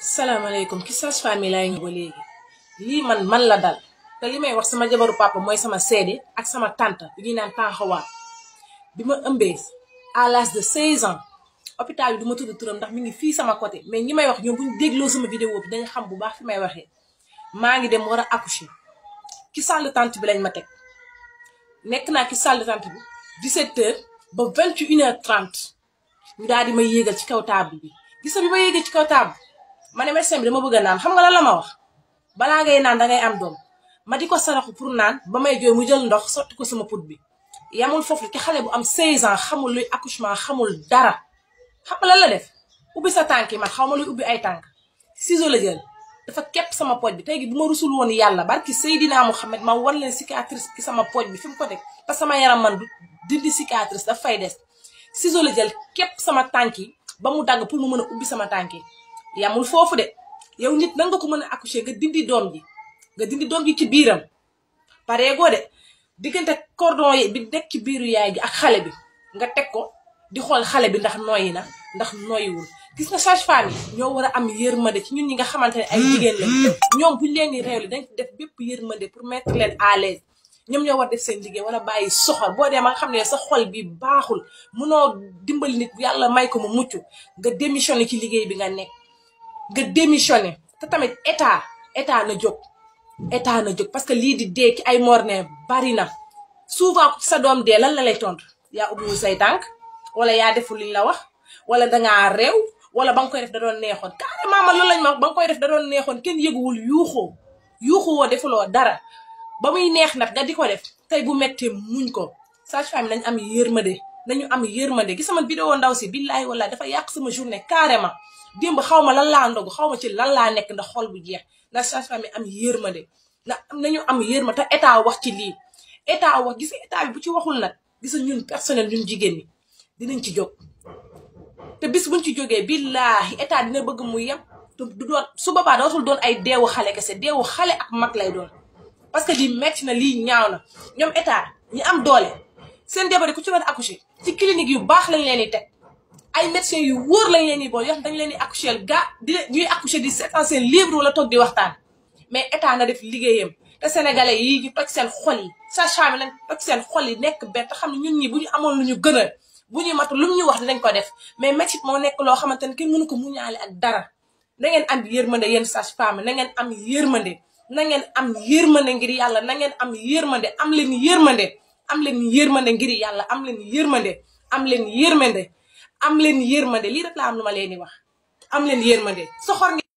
salaamaaleykum ki sage femme yi laay ñëw ba léegi lii man man la dal te li may wax sama jabaru papa mooy sama seede ak sama tante bi ñuy naan tànxawaat bi ma ëmbee à l'âge de 16 ans hôpital bi du ma tudd turam ndax mi ngi fii sama côté mais ñi may wax ñoom bu ñu dégloo sama vidéo bi dañu xam bu baax fi may waxee maa ngi dem war a accoucher ci salle d'attente bi lañ ma teg nekk naa ci salle bi 17h ba 21h30 ñu daal di may yéegal ci kaw table bi gis nga ma yéegal ci kaw ma ne médecin bi dama bëgg a naan xam nga lan la ma wax balaa ngay naan dangay am doom ma di ko saraxu pour naan ba may jooy mu jël ndox sotti ko sama put bi yamul foofu ki xale bu am 16 ans xamul luy accouchement xamul dara xam nga la def ubbi sa tànk yi man xaw ma luy ubbi ay tànk ciseau la jël dafa képp sama pooj bi tey gi bu ma rusul woon yàlla barki Seydina Mouhamed ma war leen cicatrice ki sama pooj bi fi ko teg parce que sama yaram man du dindi cicatrice daf fay des ciseau la jël képp sama tànk yi ba mu dagg pour mu mën a ubbi sama tànk yamul foofu de yow nit nan nga ko mën a accoucher nga dindi doom ji nga dindi doom ji ci biiram pareegoo de diggante cordon yi bi nekk ci biiru yaay gi ak xale bi nga teg ko di xool xale bi ndax nooyi na ndax nooyiwul gis na sage-femme yi ñoo war a am yërmande ci ñun ñi nga xamante ne ay jigéen la mm-hmm. ñoom buñ leen di réew dañ def bépp yërmande pour mettre leen à l'aise ñoom ñoo war def seen liggéey wala bàyyi soxor boo dee ma xam ne sa xol bi baaxul munoo dimbali nit yàlla may ko mu mucc nga démissionné ci liggéey bi nga nekk nga démissionné te tamit état état na jóg état na jóg parce que lii di dee ay morne bari na souvent sa doom dee lan la lay tontu yaa ubbiwul say tànk wala yaa deful liñ la wax wala da dangaa réew wala ba nga koy def da doon neexoon carrément man loolu lañ ma wax ba koy def da neexoon kenn yëguwul yuuxoo yuuxoo defuloo dara ba muy neex nag nga di ko def tey bu méttee muñ ko sage-femme nañ am yërmande nañu am yërmande gi sama vidéo ndaw si billaay wala dafa yàq sama journée carrément démb xaw ma lan laa ndogu xaw ma ci lan laa nekk ndax xol bu jeex ndax changement mi am yërmande na nañu am yërma te état wax ci lii état wax gis état bi bu ci waxul nag gis ñun personnel ñun jigéen ñi dinañ ci jóg. te bis buñ ci jógee billaahi état dina bëgg mu yem te du doon su boobaa dootul doon ay deewu xale kese deewu xale ak mat lay doon parce que lii metti na lii ñaaw na ñoom état ñi am doole. seen jabar yi ku ci war a accoucher ci clinique yu baax lañ leen di teg ay médecins yu wóor lañ leen di boole yoo xam leen di accoucher ga di ñuy accoucher di seetaan seen livre wala toog di waxtaan mais état na def liggéeyam te sénégalais yi ñu toj seen xol yi sage-femme lañ toj seen xol yi nekk benn xam ne ñun ñi bu ñu amoon lu ñu gënal bu ñu matu lu ñu wax dinañ ko def mais médecine moo nekk loo xamante ne kenn mënu ko muñaale ak dara na ngeen am yërmande yéen sage-femme na ngeen am yërmande na ngeen am yërmande ngir yàlla na ngeen am yërmande am leen yërmande am leen yërmande ngir yàlla am leen yërmande am leen yërmande am leen yërmande lii rek laa am lu ma leen di wax am leen yërmande soxor